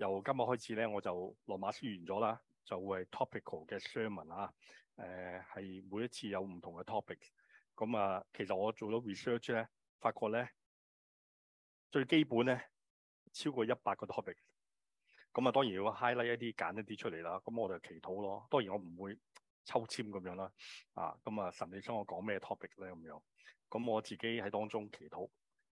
由今日開始咧，我就羅馬書完咗啦，就會係 topical 嘅 sermon 啊、呃。誒，係每一次有唔同嘅 topic、嗯。咁啊，其實我做咗 research 咧，發覺咧最基本咧超過一百個 topic、嗯。咁啊，當然要 highlight 一啲，揀一啲出嚟啦。咁、嗯、我就祈禱咯。當然我唔會抽籤咁樣啦。啊，咁、嗯、啊，神你想我講咩 topic 咧咁樣，咁我自己喺當中祈禱。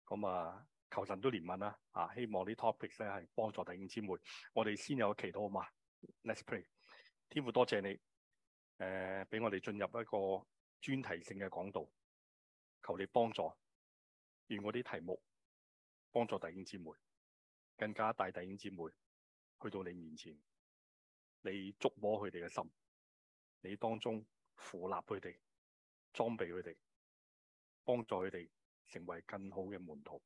咁、嗯、啊～求神都憐憫啦，啊！希望啲 topics 咧係幫助弟兄姊妹，我哋先有祈禱好嘛。Let's pray。天父多謝你，誒、呃，俾我哋進入一個專題性嘅講道。求你幫助，願我啲題目，幫助弟兄姊妹，更加帶弟兄姊妹去到你面前，你觸摸佢哋嘅心，你當中扶立佢哋，裝備佢哋，幫助佢哋成為更好嘅門徒。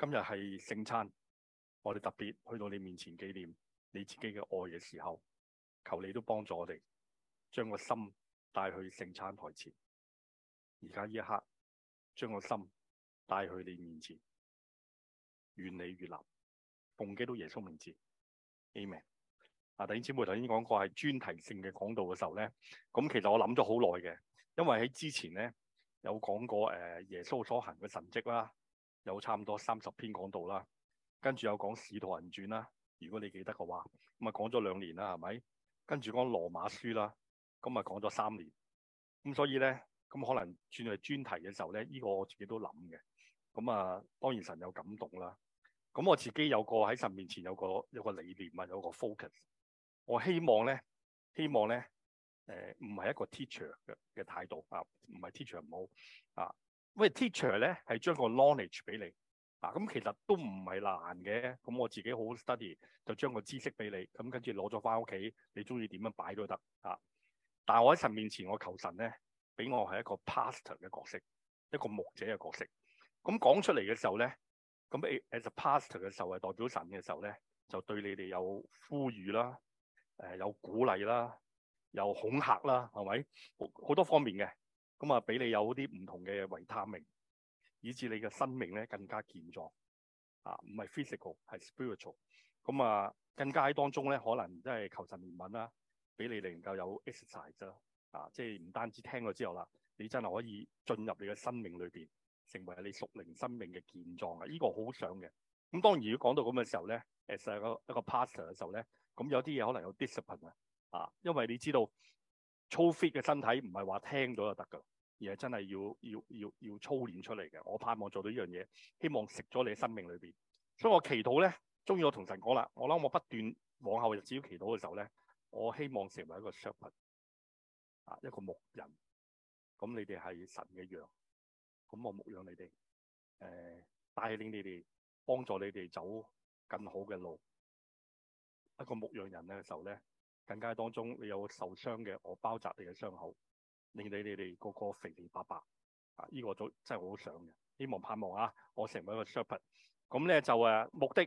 今日係聖餐，我哋特別去到你面前紀念你自己嘅愛嘅時候，求你都幫助我哋，將個心帶去聖餐台前。而家呢一刻，將個心帶去你面前，願你悅納，奉基督耶穌名字，Amen。啊，弟兄姊妹，頭先講過係專題性嘅講道嘅時候咧，咁其實我諗咗好耐嘅，因為喺之前咧有講過誒耶穌所行嘅神蹟啦。有差唔多三十篇講道啦，跟住有講《使徒行傳》啦，如果你記得嘅話，咁啊講咗兩年啦，係咪？跟住講《羅馬書》啦，咁啊講咗三年，咁所以咧，咁可能轉去專題嘅時候咧，呢個我自己都諗嘅，咁啊，當然神有感動啦，咁我自己有個喺神面前有個有個理念啊，有個 focus，我希望咧，希望咧，誒唔係一個 teacher 嘅嘅態度不是不啊，唔係 teacher 唔好啊。喂，teacher 咧係將個 knowledge 俾你啊，咁其實都唔係難嘅。咁我自己好好 study，就將個知識俾你。咁跟住攞咗翻屋企，你中意點樣擺都得啊。但係我喺神面前，我求神咧，俾我係一個 pastor 嘅角色，一個牧者嘅角色。咁、啊、講出嚟嘅時候咧，咁 as a pastor 嘅時候係代表神嘅時候咧，就對你哋有呼籲啦，誒、呃、有鼓勵啦，有恐嚇啦，係咪？好多方面嘅。咁啊，俾你有啲唔同嘅維他命，以致你嘅生命咧更加健壯啊！唔係 physical，係 spiritual。咁啊，更加喺當中咧，可能即係求神憐憫啦，俾你能夠有 exercise 啊！即係唔單止聽咗之後啦，你真係可以進入你嘅生命裏邊，成為你屬靈生命嘅健壯、這個、的啊！依個好想嘅。咁當然，如果講到咁嘅時候咧，誒實一個 pastor 嘅時候咧，咁有啲嘢可能有 discipline 啊，因為你知道。粗 fit 嘅身體唔係話聽到就得噶，而係真係要要要要操練出嚟嘅。我盼望做到呢樣嘢，希望食咗你嘅生命裏邊。所以我祈禱咧，鍾意我同神講啦，我諗我不斷往後日子要祈禱嘅時候咧，我希望成為一個 shepherd 啊，一個牧人。咁你哋係神嘅羊，咁我牧養你哋，誒帶領你哋，幫助你哋走更好嘅路。一個牧羊人嘅時候咧。更加係當中，你有受傷嘅，我包紮你嘅傷口，令你你哋個個肥肥白白啊！依、這個都真係好想嘅，希望盼望啊，我成為一個 shepherd 咁咧就誒目的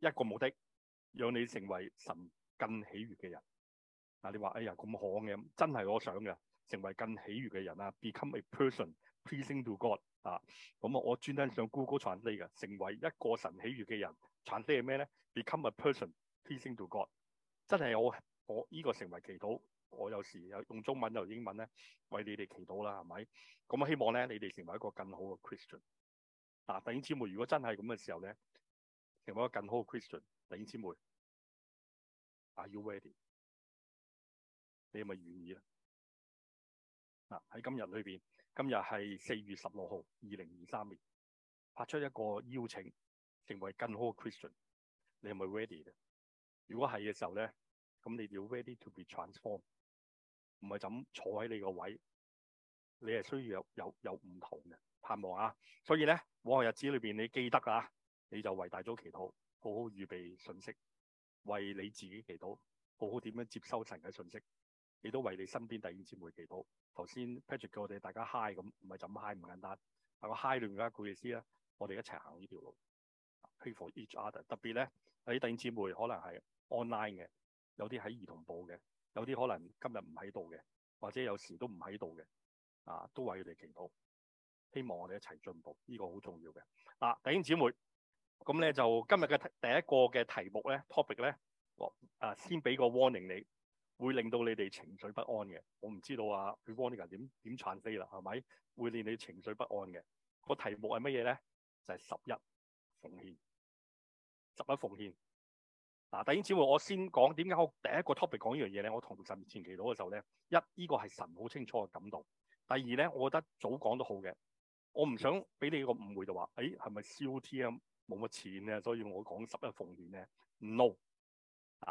一個目的，讓你成為神更喜悅嘅人。啊，你話哎呀咁可嘅，真係我想嘅，成為更喜悅嘅人啊！Become a person pleasing to God 啊！咁啊，我專登上 Google translate 嘅，成為一個神喜悅嘅人。translate 係咩咧？Become a person pleasing to God。真係我。我呢、這個成為祈禱，我有時又用中文又英文咧，為你哋祈禱啦，係咪？咁希望咧，你哋成為一個更好嘅 Christian。嗱、啊，弟兄姊妹，如果真係咁嘅時候咧，成為一個更好嘅 Christian，弟兄姊妹，Are you ready？你係咪願意咧？嗱、啊，喺今日裏邊，今日係四月十六號，二零二三年，發出一個邀請，成為更好嘅 Christian。你係咪 ready？、啊、如果係嘅時候咧？咁你要 ready to be transformed，唔係就坐喺你個位，你係需要有有唔同嘅盼望啊！所以咧，往後日子裏邊，你記得啊，你就為大咗祈禱，好好預備信息，為你自己祈禱，好好點樣接收神嘅信息，你都為你身邊弟兄姊妹祈禱。頭先 Patrick 叫我哋大家嗨咁，唔係就咁 high 唔簡單，個 high 亂嘅意思咧，我哋一齊行呢條路，pay for each other。特別咧，你弟兄姊妹可能係 online 嘅。有啲喺兒童部嘅，有啲可能今日唔喺度嘅，或者有時都唔喺度嘅，啊，都為佢哋祈禱，希望我哋一齊進步，呢、這個好重要嘅。嗱、啊、弟兄姊妹，咁咧就今日嘅第一個嘅題目咧，topic 咧，我啊先俾個 warning 你，會令到你哋情緒不安嘅。我唔知道啊，佢 warning 人點點闖飛啦，係咪？會令你情緒不安嘅。個題目係乜嘢咧？就係、是、十一奉獻，十一奉獻。嗱，第一次我先講點解我第一個 topic 講呢樣嘢咧，我同神前祈禱嘅時候咧，一呢個係神好清楚嘅感動。第二咧，我覺得早講都好嘅，我唔想俾你一個誤會就話，誒係咪 COT 冇乜錢咧？所以我講十一奉獻咧，no。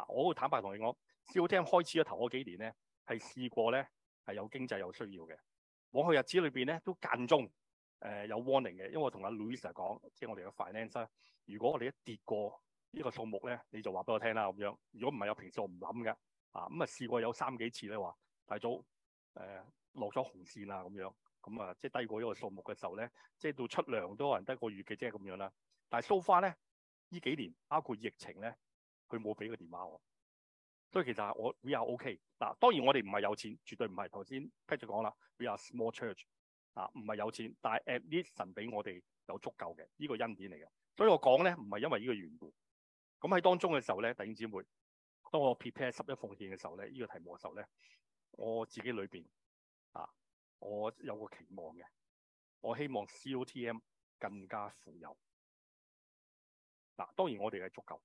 我會坦白同你講，COT 開始咗頭嗰幾年咧，係試過咧係有經濟有需要嘅。往去日子裏邊咧都間中誒有 warning 嘅，因為我同阿 Louisa 講，即係我哋嘅 finance，如果我哋一跌過。呢、這個數目咧，你就話俾我聽啦，咁樣。如果唔係有平數，我唔諗嘅。啊，咁啊試過有三幾次咧，話大早誒落咗紅線啊，咁樣。咁啊即係低過呢個數目嘅時候咧，即係到出糧都可能低過預計，即係咁樣啦。但係 so far 咧呢這幾年，包括疫情咧，佢冇俾個電話我。所以其實我 We are OK 嗱、啊，當然我哋唔係有錢，絕對唔係頭先 Peter 講啦，We are small church 啊，唔係有錢，但係 at least 神俾我哋有足夠嘅呢、這個恩典嚟嘅。所以我講咧唔係因為呢個緣故。咁喺當中嘅時候咧，弟兄姊妹，當我 prepare 十一奉獻嘅時候咧，呢個題目嘅時候咧，我自己裏面，啊，我有個期望嘅，我希望 COTM 更加富有。嗱、啊，當然我哋係足夠，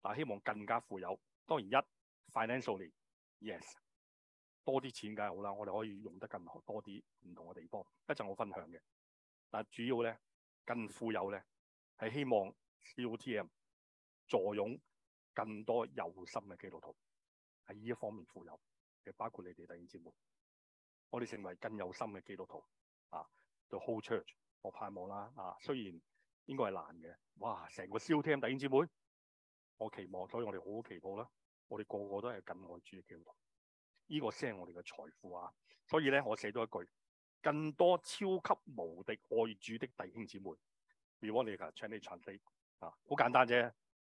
但希望更加富有。當然一 financially yes，多啲錢梗係好啦，我哋可以用得更多啲唔同嘅地方。一陣我分享嘅，但主要咧，更富有咧，係希望 COTM。坐擁更多有心嘅基督徒喺呢一方面富有嘅，包括你哋弟兄姊妹。我哋成為更有心嘅基督徒啊，對 whole church，我盼望啦啊。雖然應該係難嘅，哇！成個 studio 堂弟兄姊妹，我期望，所以我哋好好祈禱啦。我哋個個都係更愛主嘅基督徒，呢、這個先係我哋嘅財富啊。所以咧，我寫咗一句：更多超級無敵愛主的弟兄姊妹，be one together 啊，好簡單啫。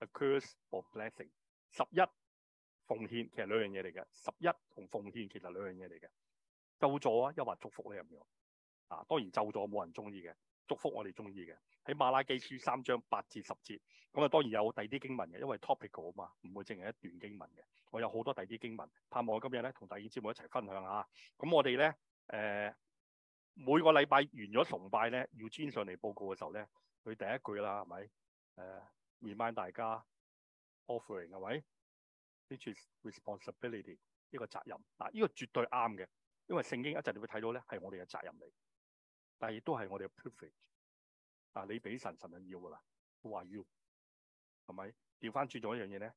The curse or blessing，十一，奉，獻十一奉獻其實兩樣嘢嚟嘅，十一同奉獻其實兩樣嘢嚟嘅，咒詛啊，又或祝福你咁樣啊。當然咒詛冇人中意嘅，祝福我哋中意嘅。喺馬拉基書三章八至十節，咁啊當然有第二啲經文嘅，因為 topic 我啊嘛，唔會淨係一段經文嘅，我有好多第二啲經文，盼望今日咧同弟兄姐妹一齊分享下。咁我哋咧誒每個禮拜完咗崇拜咧，要轉上嚟報告嘅時候咧，佢第一句啦係咪誒？是 remind 大家，offering 係咪 is responsibility 一個責任嗱，呢、啊，這個絕對啱嘅，因為聖經一陣你會睇到咧，係我哋嘅責任嚟，但係亦都係我哋嘅 privilege。啊，你俾神神人要噶啦，話要係咪？調翻轉仲一樣嘢咧，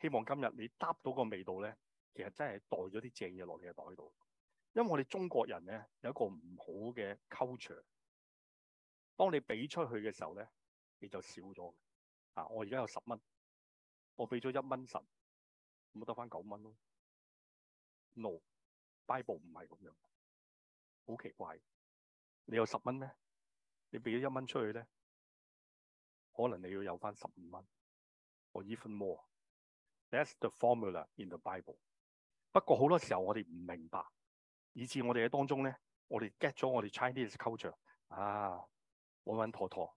希望今日你嗒到個味道咧，其實真係袋咗啲正嘢落你嘅袋度。因為我哋中國人咧有一個唔好嘅 culture，當你俾出去嘅時候咧，你就少咗。啊！我而家有十蚊，我俾咗一蚊神，咁得翻九蚊咯。No，Bible 唔係咁樣，好奇怪。你有十蚊咧，你俾咗一蚊出去咧，可能你要有翻十五蚊。Or even more，that's the formula in the Bible。不過好多時候我哋唔明白，以至我哋喺當中咧，我哋 get 咗我哋 Chinese culture 啊，穩穩妥妥。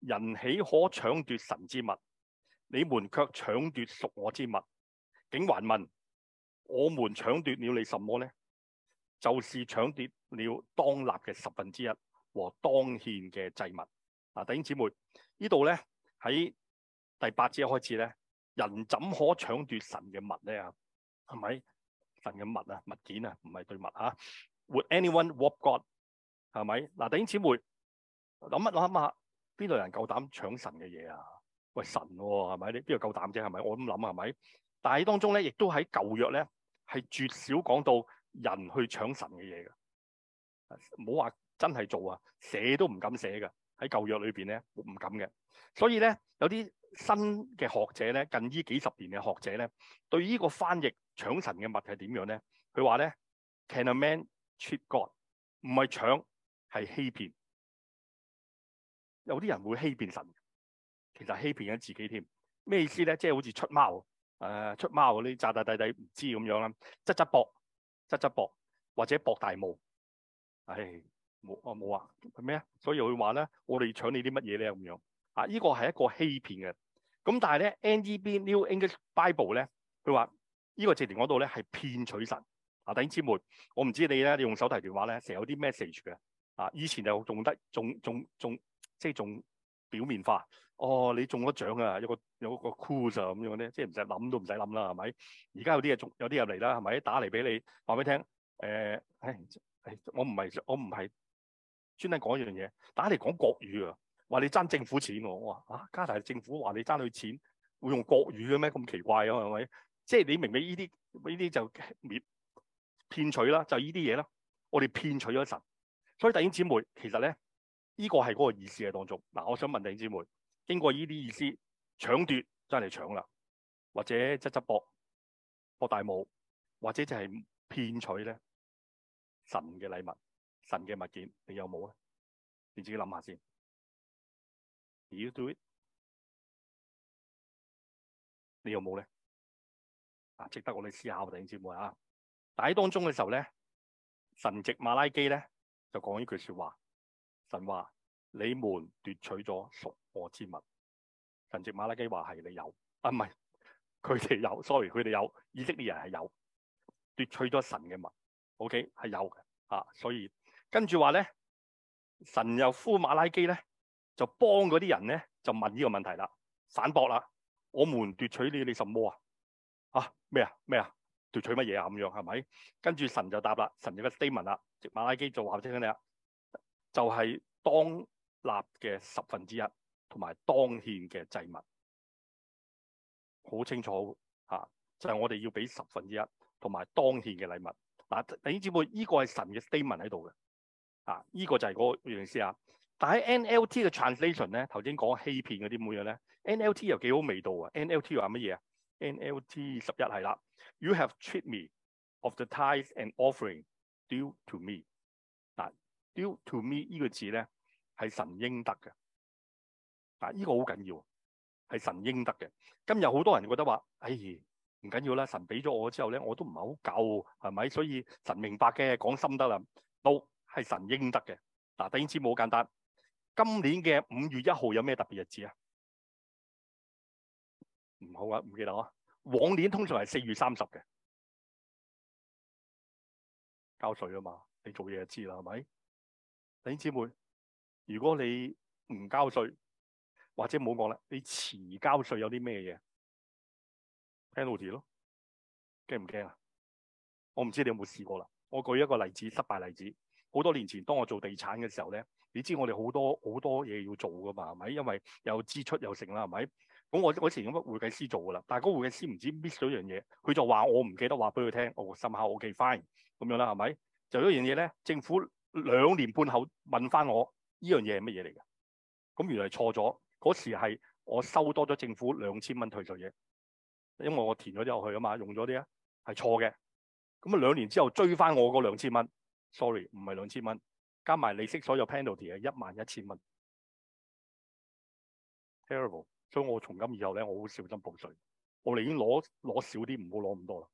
人豈可搶奪神之物？你們卻搶奪屬我之物，竟還問：我們搶奪了你什麼呢？就是搶奪了當納嘅十分之一和當獻嘅祭物。嗱，弟兄姊妹，這呢度咧喺第八節開始咧，人怎可搶奪神嘅物咧？啊，係咪神嘅物啊？物件啊，唔係對物啊。Would anyone rob God？係咪？嗱，弟兄姊妹諗一諗下。邊度人夠膽搶神嘅嘢啊？喂，神喎係咪？你邊度夠膽啫？係咪？我咁諗係咪？但係喺當中咧，亦都喺舊約咧係絕少講到人去搶神嘅嘢嘅。唔好話真係做啊，寫都唔敢寫嘅喺舊約裏邊咧，唔敢嘅。所以咧，有啲新嘅學者咧，近呢幾十年嘅學者咧，對呢個翻譯搶神嘅物係點樣咧？佢話咧，Can a man cheat God？唔係搶，係欺騙。有啲人會欺騙神，其實欺騙緊自己添。咩意思咧？即係好似出貓，誒、呃、出貓嗰啲炸炸地地唔知咁樣啦，執執搏執執搏，或者搏大霧。唉、哎，冇啊冇啊，係咩啊？所以佢話咧，我哋搶你啲乜嘢咧咁樣啊？呢個係一個欺騙嘅。咁但係咧，《NEB, New English Bible》咧，佢話呢個直情嗰度咧係騙取神啊。弟兄姊妹，我唔知你咧，你用手提電話咧成日有啲 message 嘅啊。以前就仲得，仲仲仲。即係仲表面化，哦，你中咗獎啊！有個有個 cousin 咁樣咧，即係唔使諗都唔使諗啦，係咪？而家有啲嘢仲有啲入嚟啦，係咪？打嚟俾你話俾你聽，誒、呃，唉，我唔係我唔係專登講一樣嘢，打嚟講國語啊，話你爭政府錢，我話啊，加拿大政府話你爭佢錢，會用國語嘅咩？咁奇怪啊，係咪？即係你明唔明呢啲？呢啲依啲就騙騙取啦，就呢啲嘢啦，我哋騙取咗神，所以弟兄姊妹，其實咧。呢個係嗰個意思嘅當中，嗱，我想問弟兄姊妹，經過呢啲意思搶奪，真係嚟搶啦，或者執執博博大帽，或者就係騙取咧神嘅禮物、神嘅物件，你有冇咧？你自己諗下先。Do you do it？你有冇咧？啊，值得我哋思考，弟兄姊妹啊！但喺當中嘅時候咧，神藉馬拉基咧就講呢句説話。神話你們奪取咗屬我之物。神接馬拉基話係你有，啊唔係佢哋有，sorry 佢哋有以色列人係有奪取咗神嘅物。OK 係有嘅，啊所以跟住話咧，神又呼馬拉基咧，就幫嗰啲人咧就問呢個問題啦，反駁啦。我們奪取你你什麼啊？嚇咩啊咩啊奪取乜嘢啊咁樣係咪？跟住神就答啦，神有個 statement 啦，接馬拉基就話先啦。就係、是、當納嘅十分之一，同埋當獻嘅祭物，好清楚、啊、就係、是、我哋要俾十分之一，同埋當獻嘅禮物。嗱、啊，弟兄姊妹，依、這個係神嘅聲明喺度嘅。啊，依、這個就係嗰樣嘢、啊。試但係 NLT 嘅 translation 咧，頭先講欺騙嗰啲咁嘢咧，NLT 又幾好味道啊？NLT 話乜嘢啊？NLT 十一係啦。You have cheated me of the tithe and offering due to me。To me 呢個字咧，係神應得嘅。啊，呢個好緊要，係神應得嘅。今日好多人覺得話，哎，唔緊要啦，神俾咗我之後咧，我都唔係好夠，係咪？所以神明白嘅，講心得啦，都、no, 係神應得嘅。嗱、啊，第知冇好簡單。今年嘅五月一號有咩特別日子啊？唔好啊，唔記得啊。往年通常係四月三十嘅，交稅啊嘛，你做嘢就知啦，係咪？弟兄姊妹，如果你唔交稅，或者唔好講啦，你遲交稅有啲咩嘢？penalty 咯，驚唔驚啊？我唔知你有冇試過啦。我舉一個例子，失敗例子。好多年前，當我做地產嘅時候咧，你知我哋好多好多嘢要做噶嘛，係咪？因為有支出又剩啦，係咪？咁我以前用乜會計師做噶啦，但係嗰會計師唔知 miss 咗樣嘢，佢就話我唔記得話俾佢聽。哦，心口我 k 翻，fine 咁樣啦，係咪？就一樣嘢咧，政府。兩年半後問翻我呢樣嘢係乜嘢嚟嘅？咁原來錯咗，嗰時係我收多咗政府兩千蚊退稅嘢，因為我填咗之後去啊嘛，用咗啲啊，係錯嘅。咁啊兩年之後追翻我嗰兩千蚊，sorry 唔係兩千蚊，加埋利息所有 penalty 係一萬一千蚊，terrible！所以我從今以後咧，我好小心報稅。我哋已經攞攞少啲，唔好攞咁多啦。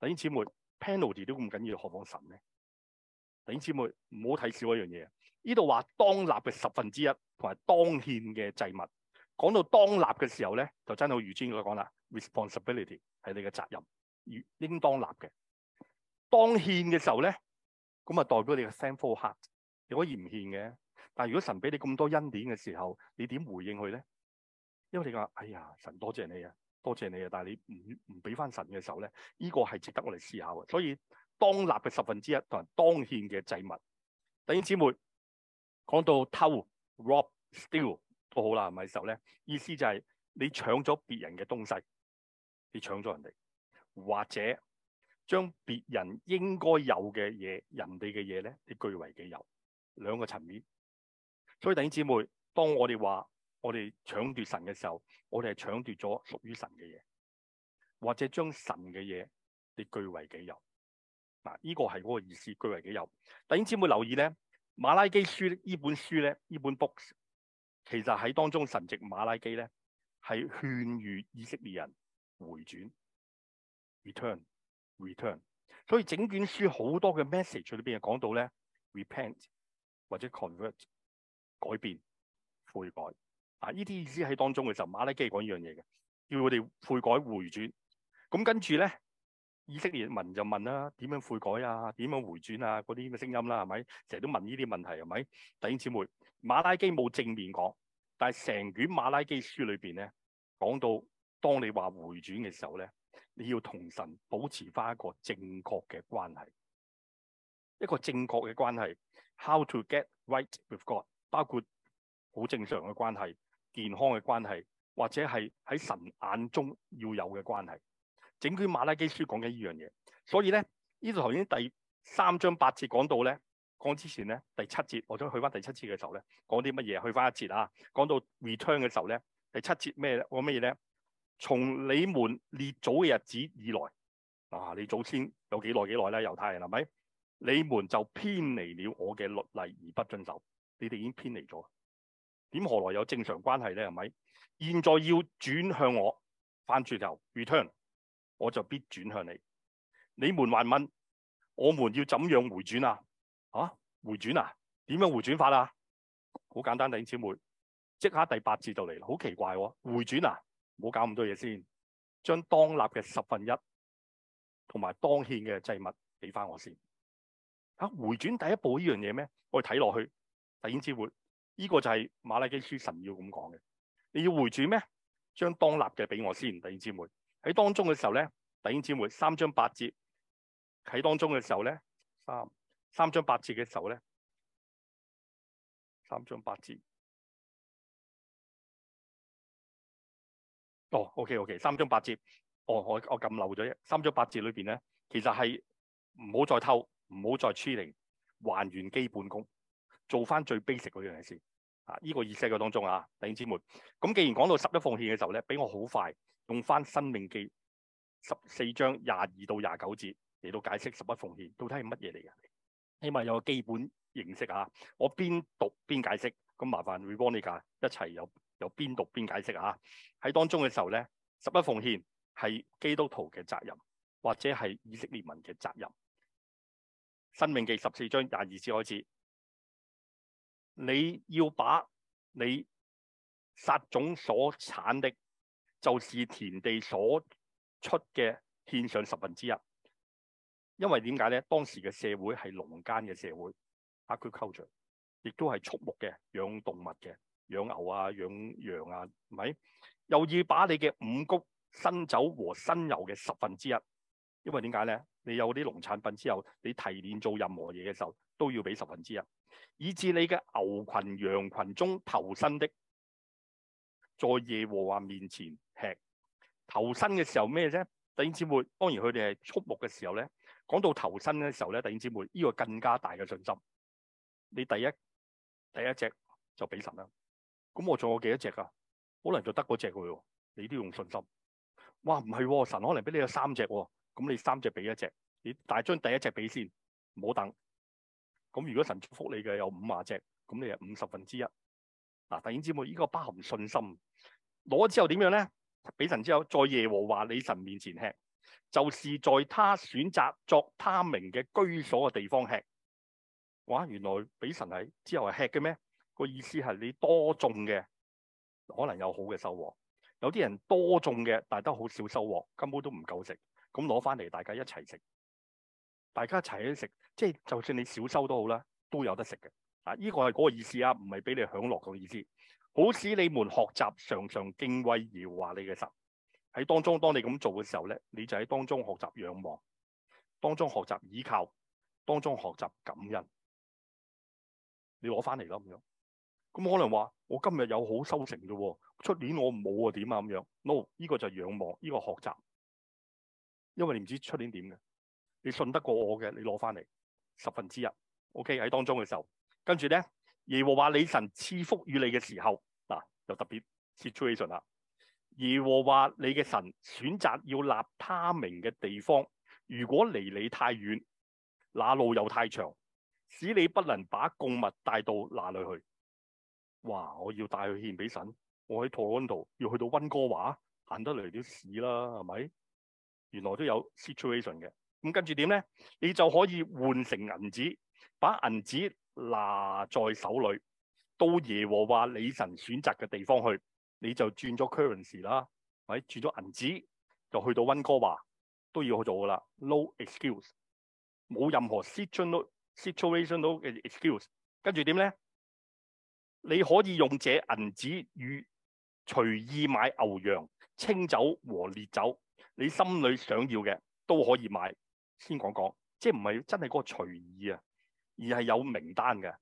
弟兄姊妹，penalty 都咁緊要，何況神咧？弟兄姊妹，唔好睇少一樣嘢。呢度話當納嘅十分之一，同埋當獻嘅祭物。講到當納嘅時候咧，就真係如之前我講啦，responsibility 係你嘅責任，應應當納嘅。當獻嘅時候咧，咁啊代表你嘅 thankful heart。你可以唔獻嘅，但係如果神俾你咁多恩典嘅時候，你點回應佢咧？因為你話，哎呀，神多謝你啊，多謝你啊，但係你唔唔俾翻神嘅時候咧，呢、這個係值得我哋思考嘅。所以。當納嘅十分之一同當獻嘅祭物，弟兄姊妹講到偷 （rob、steal） 都好啦，咪候咧意思就係、是、你搶咗別人嘅東西，你搶咗人哋，或者將別人應該有嘅嘢，人哋嘅嘢咧，你據為己有，兩個層面。所以弟兄姊妹，當我哋話我哋搶奪神嘅時候，我哋係搶奪咗屬於神嘅嘢，或者將神嘅嘢你據為己有。嗱，依個係嗰個意思，據為己有。弟兄姊妹留意咧，馬拉基書呢本書咧，呢本 book 其實喺當中神藉馬拉基咧，係勸喻以色列人回轉，return，return。所以整卷書好多嘅 message 裏邊講到咧，repent 或者 convert 改變，悔改。啊，依啲意思喺當中嘅時候馬拉基講依樣嘢嘅，叫我哋悔改回轉。咁跟住咧。以色列民就問啦，點樣悔改啊？點樣回轉啊？嗰啲嘅聲音啦、啊，係咪？成日都問呢啲問題，係咪？弟兄姊妹，馬拉基冇正面講，但係成卷馬拉基書裏邊咧，講到當你話回轉嘅時候咧，你要同神保持返一個正確嘅關係，一個正確嘅關係。How to get right with God，包括好正常嘅關係、健康嘅關係，或者係喺神眼中要有嘅關係。整卷《馬拉基書》講緊呢樣嘢，所以咧呢度頭先第三章八節講到咧，講之前咧第七節，我想去翻第七節嘅時候咧，講啲乜嘢？去翻一節啊，講到 return 嘅時候咧，第七節咩咧？講乜嘢咧？從你們列祖嘅日子以來，啊，你祖先有幾耐幾耐咧？猶太人係咪？你們就偏離了我嘅律例而不遵守，你哋已經偏離咗，點何來有正常關係咧？係咪？現在要轉向我，翻轉頭 return。我就必轉向你。你們還問，我們要怎樣回轉啊？嚇、啊，回轉啊？點樣回轉法啊？好簡單，弟兄姊妹，即刻第八節就嚟。好奇怪喎、哦，回轉啊？唔好搞咁多嘢先，將當納嘅十分一同埋當獻嘅祭物俾翻我先。嚇、啊，回轉第一步呢樣嘢咩？我哋睇落去，弟兄姊妹，呢、這個就係馬拉基書神要咁講嘅。你要回轉咩？將當納嘅俾我先，弟兄姊妹。喺當中嘅時候咧，弟兄姊妹，三章八節。喺當中嘅時候咧，三三章八節嘅時候咧，三章八節。哦，OK OK，三章八節。哦，我我撳漏咗一，三章八節裏邊咧，其實係唔好再偷，唔好再 try 嚟，還原基本功，做翻最 basic 嗰樣嘢先。啊！呢個儀式嘅當中啊，弟兄姊妹，咁既然講到十一奉獻嘅時候咧，俾我好快用翻《生命記》十四章廿二到廿九節嚟到解釋十一奉獻到底係乜嘢嚟嘅，起碼有個基本認識啊！我邊讀邊解釋，咁麻煩幫你噶，一齊有有邊讀邊解釋啊！喺當中嘅時候咧，十一奉獻係基督徒嘅責任，或者係以色列民嘅責任，《生命記》十四章廿二節開始。你要把你撒種所產的，就是田地所出嘅獻上十分之一。因為點解咧？當時嘅社會係農耕嘅社會，啊，佢扣除，亦都係畜牧嘅，養動物嘅，養牛啊，養羊啊，係咪？又要把你嘅五穀新酒和新油嘅十分之一。因為點解咧？你有啲農產品之後，你提煉做任何嘢嘅時候，都要俾十分之一。以至你嘅牛群、羊群中頭生的，在耶和華面前吃頭生嘅時候咩啫？弟兄姊妹，當然佢哋係畜牧嘅時候咧，講到頭生嘅時候咧，弟兄姊妹呢，這個更加大嘅信心。你第一第一隻就俾神啦，咁我仲有幾多隻噶？可能就得嗰隻佢，你都要用信心。哇，唔係神可能俾你有三隻，咁你三隻俾一隻，你大係將第一隻俾先，唔好等。咁如果神祝福你嘅有五萬隻，咁你係五十分之一嗱。弟兄姊妹，依、這個包含信心。攞咗之後點樣咧？俾神之後，在耶和華你神面前吃，就是在他選擇作他名嘅居所嘅地方吃。哇！原來俾神係之後係吃嘅咩？那個意思係你多種嘅可能有好嘅收穫。有啲人多種嘅，但係都好少收穫，根本都唔夠食。咁攞翻嚟，大家一齊食。大家一齊去食，即係就算你少收都好啦，都有得食嘅。啊，依個係嗰個意思啊，唔係俾你享樂個意思。不是給你享樂的意思好使你們學習常常敬畏耶和華你嘅神喺當中，當你咁做嘅時候咧，你就喺當中學習仰望，當中學習依靠，當中學習感恩。你攞翻嚟咯咁樣。咁可能話我今日有好收成啫喎，出年我冇啊點啊咁樣？No，依個就係仰望，依個學習。因為你唔知出年點嘅。你信得過我嘅，你攞翻嚟十分之一。OK 喺當中嘅時候，跟住咧，耶和華你神賜福於你嘅時候，嗱、啊、就特別 situation 啦。耶和華你嘅神選擇要立他名嘅地方，如果離你太遠，那路又太長，使你不能把供物帶到那裏去。哇！我要帶去獻俾神，我喺多倫多度，要去到温哥華，行得嚟啲屎啦，係咪？原來都有 situation 嘅。咁跟住點咧？你就可以換成銀紙，把銀紙拿在手裏，到耶和華你神選擇嘅地方去，你就轉咗 currency 啦，或者轉咗銀紙，就去到温哥華都要去做噶啦。No excuse，冇任何 situation 嘅 excuse。跟住點咧？你可以用這銀紙與隨意買牛羊、清酒和烈酒，你心裏想要嘅都可以買。先講講，即係唔係真係嗰個隨意啊，而係有名單嘅。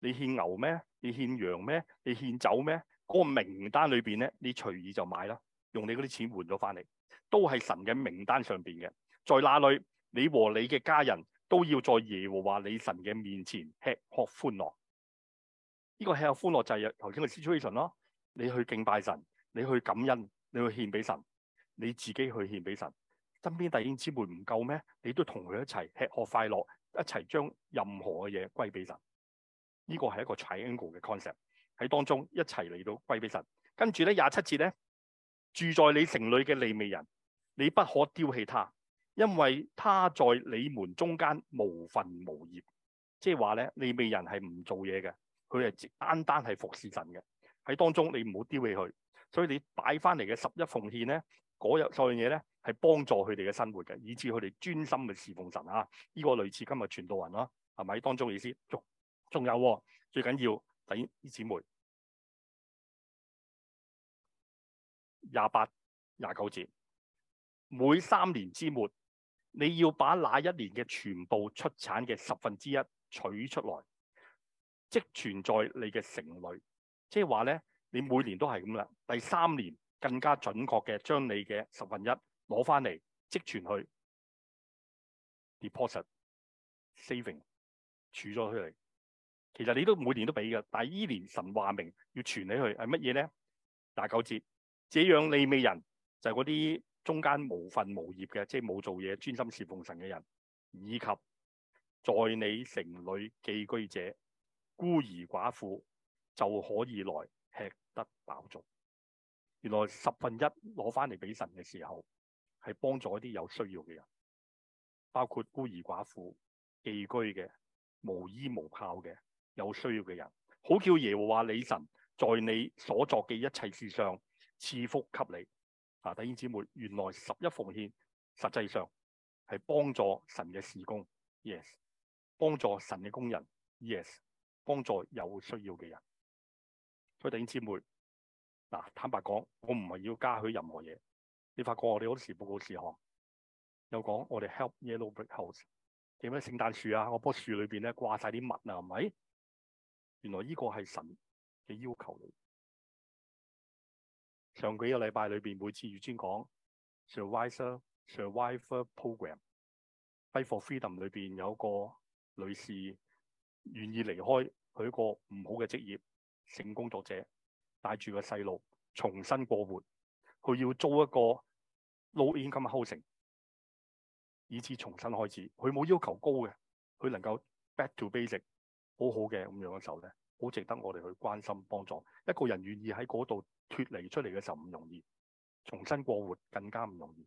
你獻牛咩？你獻羊咩？你獻酒咩？嗰、那個名單裏邊咧，你隨意就買啦，用你嗰啲錢換咗翻嚟，都係神嘅名單上邊嘅。在那裏，你和你嘅家人都要在耶和華你神嘅面前吃喝歡樂。呢個吃喝歡樂就係、是、頭先嘅 situation 咯。你去敬拜神，你去感恩，你去獻俾神，你自己去獻俾神。身邊弟兄姊妹唔夠咩？你都同佢一齊吃喝快樂，一齊將任何嘅嘢歸俾神。呢個係一個 triangle 嘅 concept 喺當中，一齊嚟到歸俾神。跟住咧，廿七節咧，住在你城裏嘅利未人，你不可丟棄他，因為他在你們中間無份無業。即係話咧，利未人係唔做嘢嘅，佢係直單單係服侍神嘅。喺當中你唔好丟棄佢，所以你帶翻嚟嘅十一奉獻咧。嗰日所樣嘢咧，係幫助佢哋嘅生活嘅，以至佢哋專心嘅侍奉神啊！依、這個類似今日傳道人咯、啊，係咪當中嘅意思？仲仲有喎、啊，最緊要等於姊妹廿八、廿九節，每三年之末，你要把那一年嘅全部出產嘅十分之一取出來，積存在你嘅城裏。即係話咧，你每年都係咁啦。第三年。更加準確嘅，將你嘅十分一攞翻嚟即傳去 deposit、saving 儲咗佢嚟。其實你都每年都俾嘅，但係依年神話明要傳你去係乜嘢咧？廿九節，這樣利未人就係嗰啲中間無份無業嘅，即係冇做嘢專心侍奉神嘅人，以及在你城裏寄居者、孤兒寡婦就可以來吃得飽足。原來十分一攞翻嚟俾神嘅時候，係幫助一啲有需要嘅人，包括孤兒寡婦、寄居嘅、無依無靠嘅、有需要嘅人。好叫耶和華你神在你所作嘅一切事上賜福給你。啊，弟兄姊妹，原來十一奉獻實際上係幫助神嘅事工，yes，幫助神嘅工人，yes，幫助有需要嘅人。所以弟兄姊妹。嗱，坦白講，我唔係要嘉許任何嘢。你發覺我哋好多時報告事項，有講我哋 help Yellow Brick House 點樣聖誕樹啊？嗰樖樹裏面咧掛晒啲物啊，係咪？原來呢個係神嘅要求嚟。上幾個禮拜裏面，每次預先講 survivor survivor program fight for freedom，裏面有個女士願意離開佢一個唔好嘅職業性工作者。帶住個細路重新過活，佢要租一個 low income housing，以至重新開始。佢冇要求高嘅，佢能夠 back to basic，好好嘅咁樣嘅時候咧，好值得我哋去關心幫助。一個人願意喺嗰度脫離出嚟嘅時候，唔容易，重新過活更加唔容易。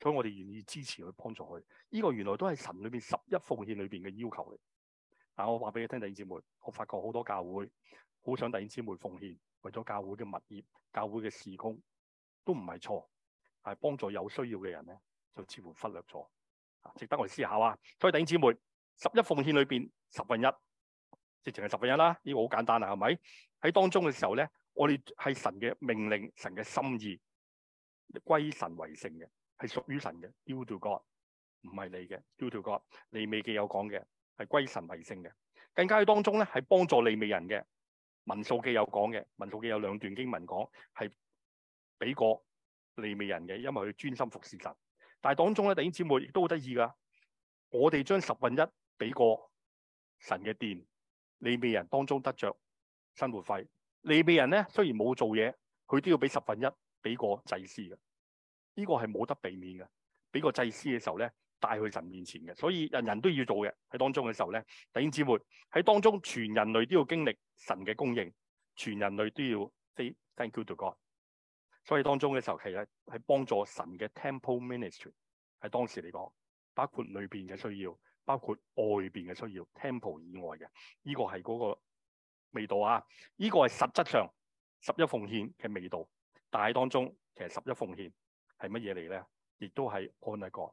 所以我哋願意支持去幫助佢。呢、這個原來都係神裏邊十一奉獻裏邊嘅要求嚟。但我話俾你聽，弟兄姊妹，我發覺好多教會好想弟兄姊妹奉獻。為咗教會嘅物業、教會嘅事工，都唔係錯，係幫助有需要嘅人咧，就似乎忽略咗，啊，值得我哋思考啊！所以弟兄姊妹，十一奉獻裏邊十分一，直情係十分一啦，呢個好簡單啊，係咪？喺當中嘅時候咧，我哋係神嘅命令，神嘅心意，歸神為聖嘅，係屬於神嘅，due to God，唔係你嘅，due to God。利未記有講嘅，係歸神為聖嘅，更加喺當中咧，係幫助利未人嘅。文素記有講嘅，民數記有兩段經文講係俾過利未人嘅，因為佢專心服侍神。但係當中咧，弟兄姊妹亦都好得意㗎，我哋將十份一俾過神嘅殿，利未人當中得着生活費。利未人咧雖然冇做嘢，佢都要俾十分一俾個祭司嘅，呢個係冇得避免嘅。俾個祭司嘅時候咧。帶去神面前嘅，所以人人都要做嘅喺當中嘅時候咧，弟兄姊妹喺當中全人類都要經歷神嘅供應，全人類都要 say thank you to God。所以當中嘅時候其實係幫助神嘅 Temple Ministry 喺當時嚟講，包括裏邊嘅需要，包括外邊嘅需要，Temple 以外嘅，呢個係嗰個味道啊，呢個係實質上十一奉獻嘅味道。但係當中其實十一奉獻係乜嘢嚟咧？亦都係按立 God。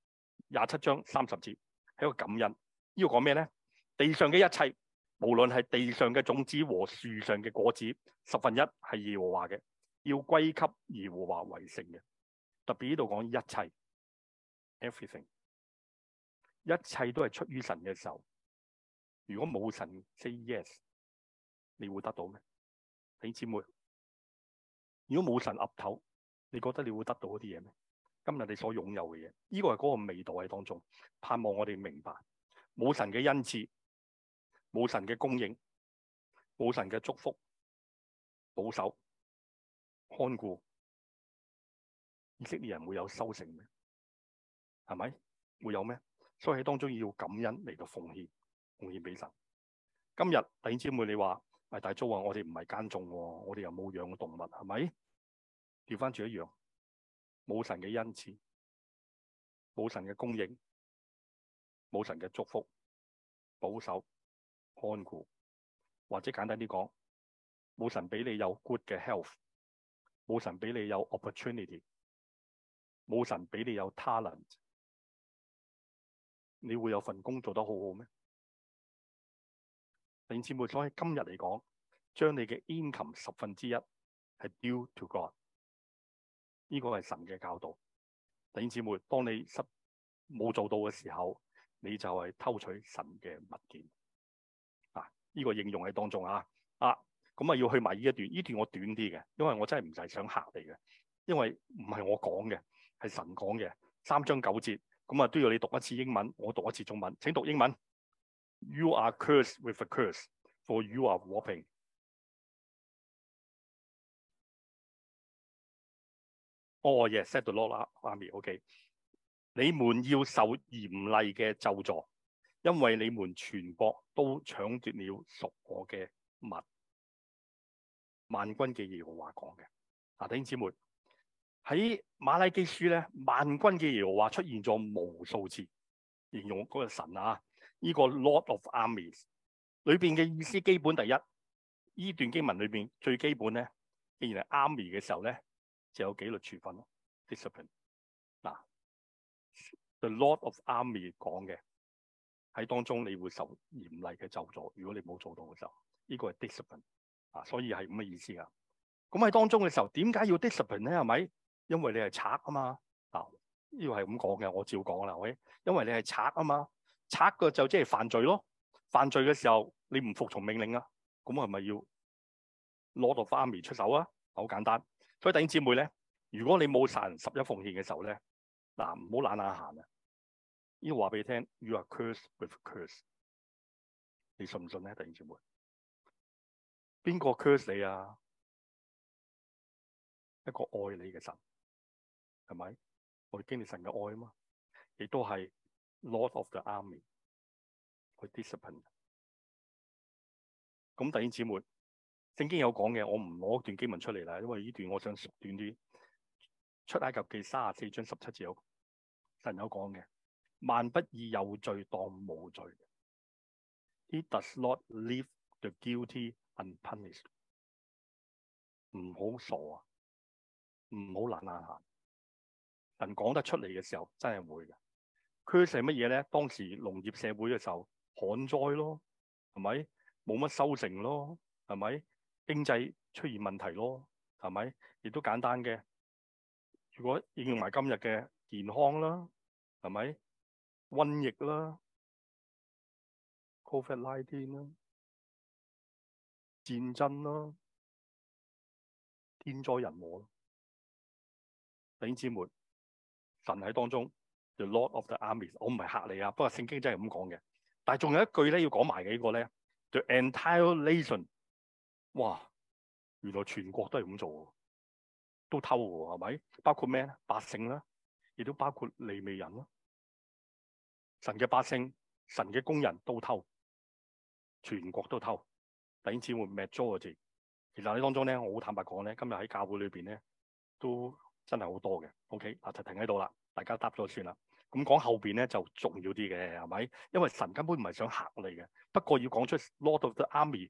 廿七章三十節喺一個感恩什麼呢度講咩咧？地上嘅一切，無論係地上嘅種子和樹上嘅果子，十分一係耶和華嘅，要歸給耶和華為聖嘅。特別呢度講一切，everything，一切都係出於神嘅時候。如果冇神 say yes，你會得到咩？弟兄姊妹，如果冇神岌頭，你覺得你會得到嗰啲嘢咩？今日你所擁有嘅嘢，呢、這個係嗰個味道喺當中。盼望我哋明白，冇神嘅恩賜，冇神嘅供應，冇神嘅祝福、保守、看顧，以色列人會有收成嘅，係咪會有咩？所以喺當中要感恩嚟到奉獻，奉獻俾神。今日弟兄姊妹你，你話係大租話我哋唔係耕種，我哋又冇養過動物，係咪？調翻轉一樣。冇神嘅恩賜，冇神嘅供應，冇神嘅祝福，保守看顧，或者簡單啲講，冇神俾你有 good 嘅 health，冇神俾你有 opportunity，冇神俾你有 talent，你會有份工做得好好咩？因此，所以今日嚟講，將你嘅 income 十分之一係 due to God。呢、這個係神嘅教導，弟兄姊妹，當你失冇做到嘅時候，你就係偷取神嘅物件。啊，呢、這個應用喺當中啊，啊，咁啊要去埋呢一段，呢段我短啲嘅，因為我真係唔使想嚇你嘅，因為唔係我講嘅，係神講嘅，三章九節，咁啊都要你讀一次英文，我讀一次中文。請讀英文。You are cursed with a curse, for you are robbing. 我、oh, 嘢、yes, set t 到 lock 啦，阿咪。O.K. 你們要受嚴厲嘅咒詛，因為你們全國都搶奪了屬我嘅物。萬軍嘅耶和華講嘅，啊弟兄姊妹喺馬拉基書咧，萬軍嘅耶和華出現咗無數次，形容嗰個神啊，呢、這個 Lord of Armies 裏邊嘅意思基本第一，呢段經文裏邊最基本咧，既然係阿咪嘅時候咧。就有紀律處分咯，discipline。嗱，The Lord of Army 講嘅喺當中，你會受嚴厲嘅咒詛。如果你冇做到嘅時候，呢個係 discipline 啊，所以係咁嘅意思啊。咁喺當中嘅時候，點解要 discipline 咧？係咪？因為你係賊啊嘛。嗱，呢個係咁講嘅，我照講啦喂，okay? 因為你係賊啊嘛，賊嘅就即係犯罪咯。犯罪嘅時候，你唔服從命令啊，咁係咪要攞到 army 出手啊？好簡單。所以弟兄姐妹咧，如果你冇實行十一奉獻嘅時候咧，嗱，唔好懶懶閒啊！要話俾你聽，you are cursed with a curse。你信唔信咧，弟兄姐妹？邊個 cursed 你啊？一個愛你嘅神係咪？我哋經歷神嘅愛啊嘛，亦都係 Lord of the Army，我 discipline。咁弟兄姐妹。聖經有講嘅，我唔攞一段經文出嚟啦，因為呢段我想縮短啲。出埃及記卅四章十七節有神有講嘅，萬不以有罪當無罪。He does not leave the guilty unpunished。唔好傻啊，唔好懶懶閒。人講得出嚟嘅時候，真係會嘅。佢寫乜嘢咧？當時農業社會嘅時候，旱災咯，係咪？冇乜收成咯，係咪？經濟出現問題咯，係咪？亦都簡單嘅。如果應用埋今日嘅健康啦，係咪？瘟疫啦，Coronavirus 啦，COVID-19，戰爭啦，天災人禍。弟兄姊妹，神喺當中，The Lord of the armies。我唔係嚇你啊，不過聖經真係咁講嘅。但係仲有一句咧，要講埋嘅呢個咧，The entire nation。哇！原來全國都係咁做，都偷喎，係咪？包括咩百姓啦、啊，亦都包括利未人啦、啊。神嘅百姓、神嘅工人，都偷。全國都偷。弟兄姊妹，咩咗個字？其實喺當中咧，我好坦白講咧，今日喺教會裏邊咧，都真係好多嘅。OK，嗱就停喺度啦，大家答咗算啦。咁講後邊咧就重要啲嘅，係咪？因為神根本唔係想嚇你嘅，不過要講出 Lord of the Army。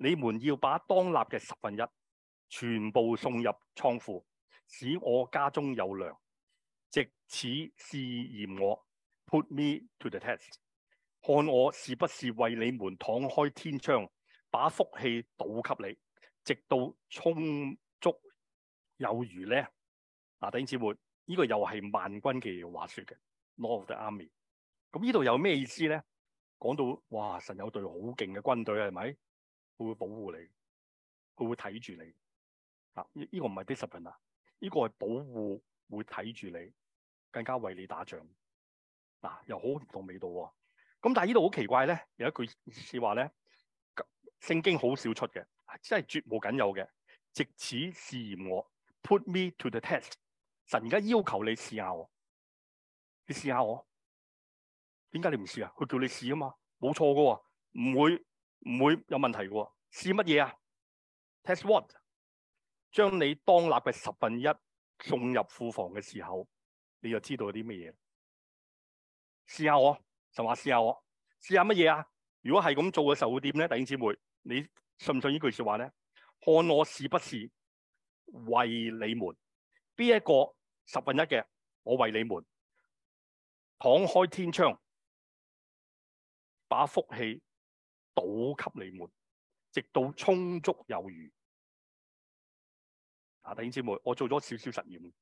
你們要把當立嘅十分一全部送入倉庫，使我家中有糧。藉此試驗我，put me to the test，看我是不是為你們敞開天窗，把福氣倒給你，直到充足有餘呢。啊，弟兄姊妹，呢、這個又係萬軍嘅話說嘅，Lord of the Army。咁呢度有咩意思咧？講到哇，神有隊好勁嘅軍隊係咪？是佢會保護你，佢會睇住你，啊呢呢個唔係 discipline 啊，呢個係保護，會睇住你，更加為你打仗，嗱又好唔同味道喎。咁但係呢度好奇怪咧，有一句說話咧，聖經好少出嘅，真係絕無僅有嘅，借此試驗我，put me to the test。神而家要求你試下我，你試下我，點解你唔試啊？佢叫你試啊嘛，冇錯噶，唔會。唔會有問題嘅，試乜嘢啊？Test what？將你當納嘅十分一送入庫房嘅時候，你就知道有啲乜嘢？試下我，神話試下我，試下乜嘢啊？如果係咁做嘅時候會點咧？弟兄姊妹，你信唔信呢句說話咧？看我是不是為你們？邊一個十分一嘅，我為你們敞開天窗，把福氣。倒給你們，直到充足有餘。啊，弟兄姐妹，我做咗少少實驗，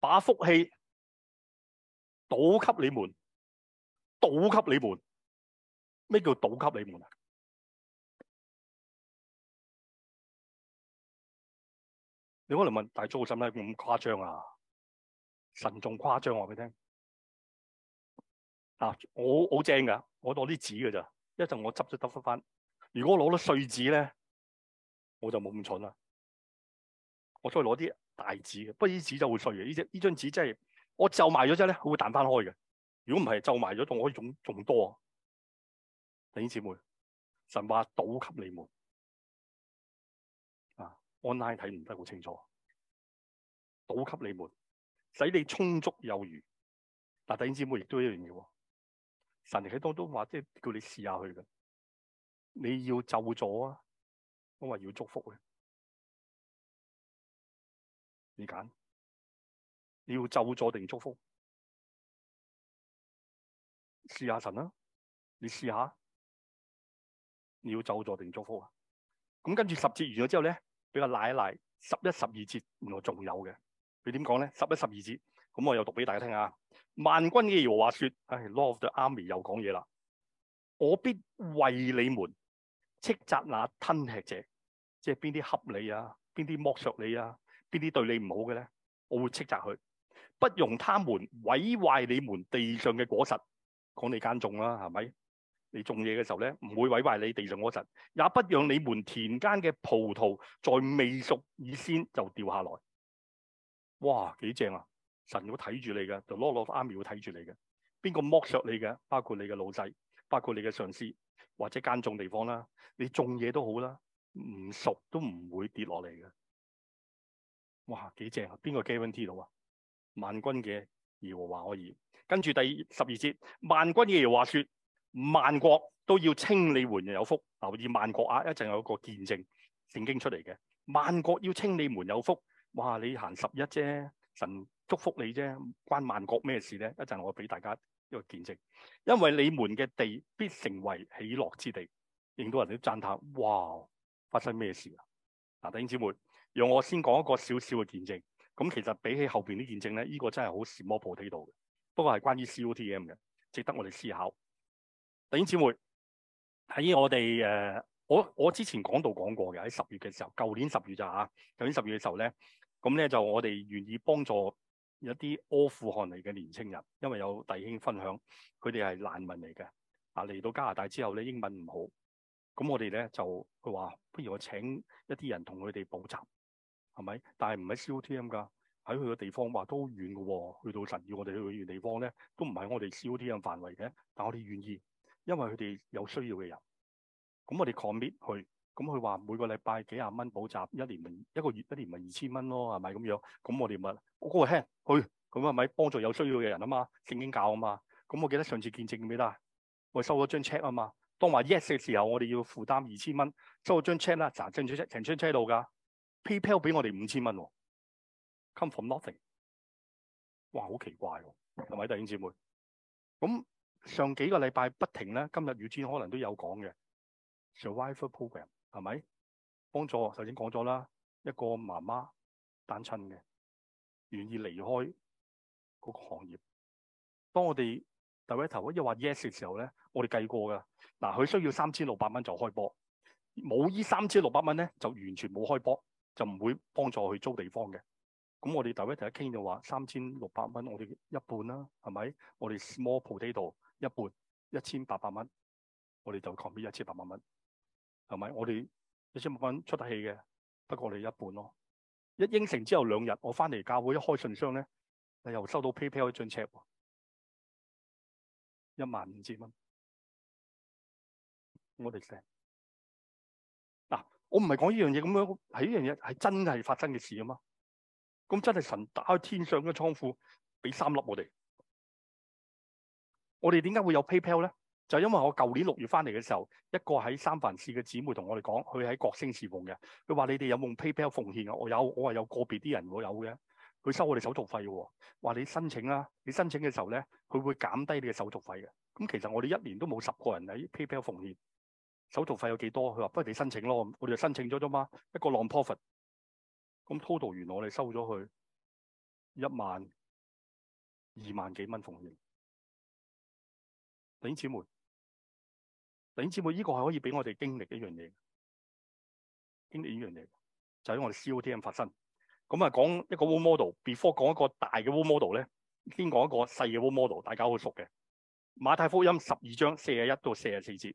把福氣倒給你們，倒給你們。咩叫倒給你們啊？你可能問大主神咧，咁誇張啊？神仲誇張話俾你聽。嗱、啊，我好正噶，我攞啲紙噶咋，一陣我執咗得翻。如果攞咗碎紙咧，我就冇咁蠢啦。我再攞啲大紙嘅，不過紙就會碎嘅。呢隻呢張紙真、就、係、是、我皺埋咗之後咧，會彈翻開嘅。如果唔係皺埋咗，仲可以用仲多。弟兄姊妹，神話倒給你們，啊，online 睇唔得好清楚，倒給你們，使你充足有餘。但弟兄姊妹亦都一樣嘅喎。神喺當中都話，即係叫你試下去嘅，你要咒詛啊，我話要祝福嘅。你揀，你要咒詛定祝福？試下神啦，你試下，你要咒詛定祝福啊？咁跟住十節完咗之後咧，俾個奶奶，十一、十二節原來仲有嘅，你點講咧？十一、十二節。咁我又讀俾大家聽啊！萬君嘅耶和 t 說：唉，a r 阿咪又講嘢啦，我必為你們斥責那吞吃者，即係邊啲恰你啊，邊啲剝削你啊，邊啲對你唔好嘅咧，我會斥責佢，不容他們毀壞你們地上嘅果實，講你間種啦，係咪？你種嘢嘅時候咧，唔會毀壞你地上果實，也不讓你們田間嘅葡萄在未熟以先就掉下來。哇，幾正啊！神會睇住你嘅，The Lord of Army 會睇住你嘅。邊個剝削你嘅？包括你嘅老細，包括你嘅上司或者間種地方啦。你種嘢都好啦，唔熟都唔會跌落嚟嘅。哇，幾正啊！邊個 guarantee 到啊？萬軍嘅耶和華可以。跟住第十二節，萬軍嘅耶和華説，萬國都要稱你們有福。留意萬國啊，一陣有個見證聖經出嚟嘅萬國要稱你們有福。哇，你行十一啫，神祝福你啫，關萬國咩事咧？一陣我俾大家一個見證，因為你們嘅地必成為喜樂之地，令到人都讚嘆哇！發生咩事啊？嗱，弟兄姊妹，讓我先講一個少少嘅見證。咁其實比起後邊啲見證咧，呢個真係好 small potato 嘅。不過係關於 COTM 嘅，值得我哋思考。弟兄姊妹喺我哋誒，我我之前講道講過嘅喺十月嘅時候，舊年十月咋吓？舊年十月嘅時候咧，咁咧就我哋願意幫助。一啲阿富汗嚟嘅年青人，因為有弟兄分享，佢哋係難民嚟嘅，啊嚟到加拿大之後咧，英文唔好，咁我哋咧就佢話，不如我請一啲人同佢哋補習，係咪？但係唔喺 COTM 噶，喺佢個地方話都好遠噶，去到神要我哋去遠地方咧，都唔喺我哋 COTM 範圍嘅，但我哋願意，因為佢哋有需要嘅人，咁我哋 commit 去。咁佢話每個禮拜幾廿蚊補習，一年咪一個月，一年咪二千蚊咯，係咪咁樣？咁我哋咪我個輕去，咁係咪幫助有需要嘅人啊嘛？聖經教啊嘛。咁我記得上次見證唔記得，我收咗張 check 啊嘛。當話 yes 嘅時候，我哋要負擔二千蚊，收咗張 check 啦，查張 check，成張 check 度㗎。PayPal 俾我哋五千蚊，come from nothing。哇，好奇怪喎，係咪 弟兄姊妹？咁上幾個禮拜不停咧，今日雨天可能都有講嘅 survival program。係咪幫助？首先講咗啦，一個媽媽單親嘅，願意離開嗰個行業。當我哋第一位頭一話 yes 嘅時候咧，我哋計過噶。嗱，佢需要三千六百蚊就開波，冇依三千六百蚊咧就完全冇開波，就唔會幫助去租地方嘅。咁我哋第一位頭一傾就話三千六百蚊，我哋一半啦，係咪？我哋 small potato 一半一千八百蚊，我哋就降畀一千八百蚊。係咪？我哋一千蚊出得起嘅，不過我哋一半咯。一應承之後兩日，我翻嚟教會一開信箱咧，又收到 PayPal 一張 check，一萬五千蚊。我哋成。嗱，我唔係講呢樣嘢咁樣，係呢樣嘢係真係發生嘅事啊嘛。咁真係神打開天上嘅倉庫，俾三粒我哋。我哋點解會有 PayPal 咧？就是，因為我舊年六月翻嚟嘅時候，一個喺三藩市嘅姊妹同我哋講，佢喺國星事奉嘅，佢話你哋有冇 PayPal 奉獻嘅？我有，我話有個別啲人我有嘅，佢收我哋手續費嘅，話你申請啦，你申請嘅時候咧，佢會減低你嘅手續費嘅。咁其實我哋一年都冇十個人喺 PayPal 奉獻，手續費有幾多？佢話不如你申請咯，我哋就申請咗啫嘛，一個 long profit，咁 total 原來我哋收咗佢一萬二萬幾蚊奉獻，頂姊妹。弟兄姊妹，依、這個係可以俾我哋經歷一樣嘢，經歷呢樣嘢就喺我哋 COTM 發生。咁啊，講一個 whole model。before 講一個大嘅 whole model 咧，先講一個細嘅 whole model，大家好熟嘅。馬太福音十二章四十一到四十四節，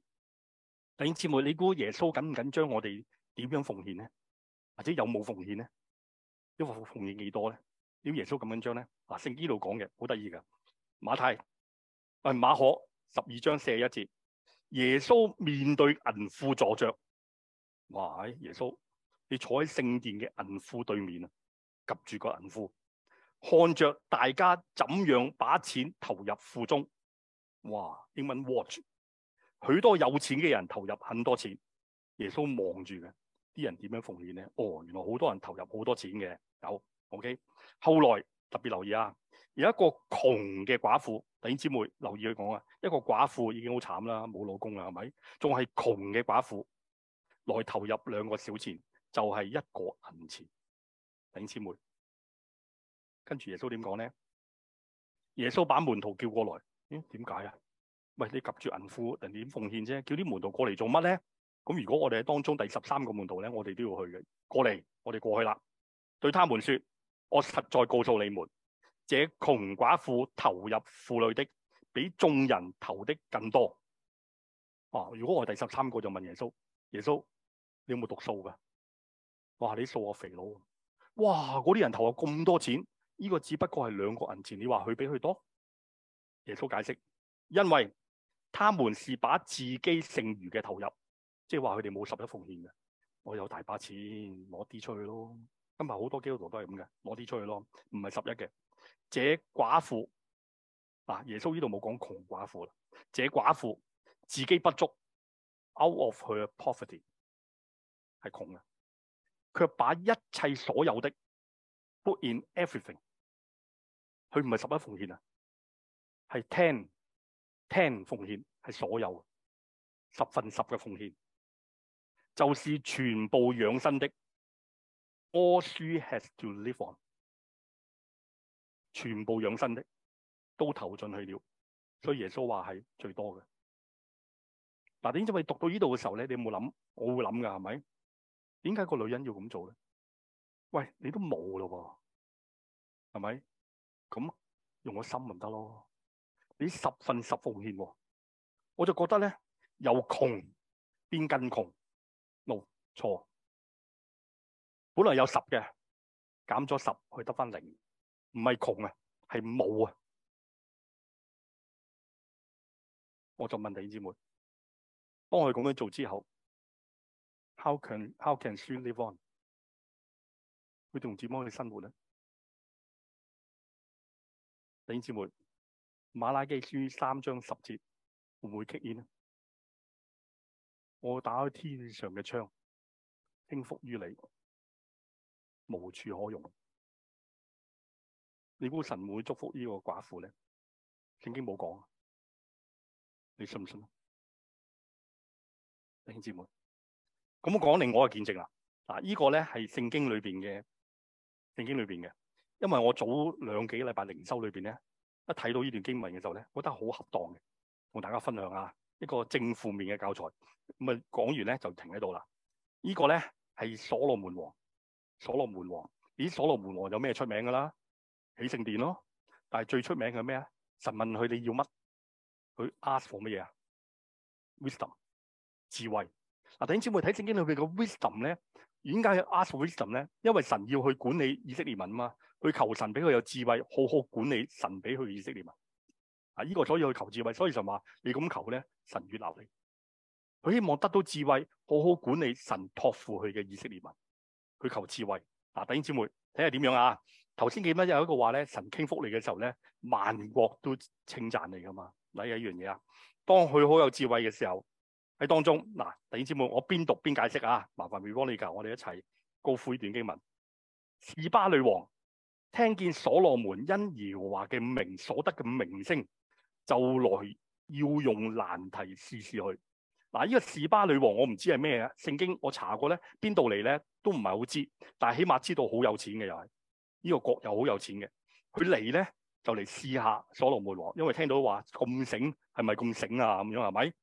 弟兄姊妹，你估耶穌緊唔緊張？我哋點樣奉獻咧？或者有冇奉獻咧？因為奉獻幾多咧？點耶穌咁緊張咧？啊，聖經度講嘅好得意噶。馬太，誒、哎，馬可十二章四十一節。耶穌面對銀庫坐着，哇！耶穌，你坐喺聖殿嘅銀庫對面啊，及住個銀庫，看着大家怎樣把錢投入庫中。哇！英文 watch，許多有錢嘅人投入很多錢，耶穌望住嘅，啲人點樣奉獻呢？哦，原來好多人投入好多錢嘅，有 OK。後來特別留意啊，有一個窮嘅寡婦。弟兄姊妹留意佢講啊，一個寡婦已經好慘啦，冇老公啦，係咪？仲係窮嘅寡婦，來投入兩個小錢，就係、是、一個銀錢。弟兄姊妹，跟住耶穌點講咧？耶穌把門徒叫過來，咦？點解啊？喂，你及住銀庫，定點奉獻啫？叫啲門徒過嚟做乜咧？咁如果我哋喺當中第十三個門徒咧，我哋都要去嘅。過嚟，我哋過去啦。對他們説：我實在告訴你們。這窮寡婦投入庫裏的比眾人投的更多。哦、啊，如果我係第十三個就問耶穌：耶穌，你有冇讀數噶？我話你數我肥佬。哇！嗰啲人投入咁多錢，呢、這個只不過係兩個銀錢。你話佢比佢多？耶穌解釋：因為他們是把自己剩餘嘅投入，即係話佢哋冇十一奉獻嘅。我有大把錢，攞啲出去咯。今日好多基督徒都係咁嘅，攞啲出去咯，唔係十一嘅。這寡婦啊，耶穌呢度冇講窮寡婦啦，這寡婦自己不足，out of her poverty 係窮嘅，佢把一切所有的 put in everything，佢唔係十一奉獻啊，係 ten ten 奉獻，係所有十分十嘅奉獻，就是全部養生的 all she has to live on。全部養生的都投進去了，所以耶穌話係最多嘅。嗱，點知？喂，讀到呢度嘅時候咧，你有冇諗？我會諗噶，係咪？點解個女人要咁做咧？喂，你都冇咯，係咪？咁用我心咪得咯？你十分十奉獻，我就覺得咧，由窮變更窮，冇錯、哦。本來有十嘅，減咗十，去得翻零。唔係窮啊，係冇啊！我就問弟兄姊妹，當佢咁樣做之後，how can how can she live on？佢同點樣去生活咧，弟兄姊妹，馬拉基書三章十節，會唔會 kick in 啊？我打開天上嘅窗，傾覆於你，無處可容。你估神會祝福呢個寡婦咧？聖經冇講，你信唔信啊？弟兄姊妹，咁我講另外嘅見證啦。嗱、這個，呢個咧係聖經裏邊嘅，聖經裏邊嘅，因為我早兩幾個禮拜靈修裏邊咧，一睇到呢段經文嘅時候咧，覺得好恰當嘅，同大家分享一下一個正負面嘅教材。咁啊，講完咧就停喺度啦。這個、呢個咧係所羅門王，所羅門王，咦？所羅門王有咩出名噶啦？起聖殿咯，但係最出名嘅係咩啊？神問佢哋要乜？佢 ask 做乜嘢啊？Wisdom 智慧。嗱，弟兄姐妹睇聖經裏邊個 wisdom 咧，點解 ask wisdom 咧？因為神要去管理以色列民嘛，去求神俾佢有智慧，好好管理神俾佢以色列民。啊，呢個所以去求智慧，所以神話你咁求咧，神越留你。佢希望得到智慧，好好管理神託付佢嘅以色列民。佢求智慧。嗱，弟兄姐妹睇下點樣啊？頭先記得有一個話咧，神傾福你嘅時候咧，萬國都稱讚你噶嘛。嗱，又係呢樣嘢啊。當佢好有智慧嘅時候喺當中，嗱，弟兄姊妹，我邊讀邊解釋啊。麻煩你幫你教我哋一齊高呼呢段經文。士巴女王聽見所羅門因耶和華嘅名所得嘅名聲，就來要用難題試試佢，嗱。呢、這個士巴女王我唔知係咩嘢，聖經我查過咧邊度嚟咧都唔係好知，但係起碼知道好有錢嘅又係。呢、這個國又好有錢嘅，佢嚟咧就嚟試下所羅門王，因為聽到話咁醒，係咪咁醒啊？咁樣係咪？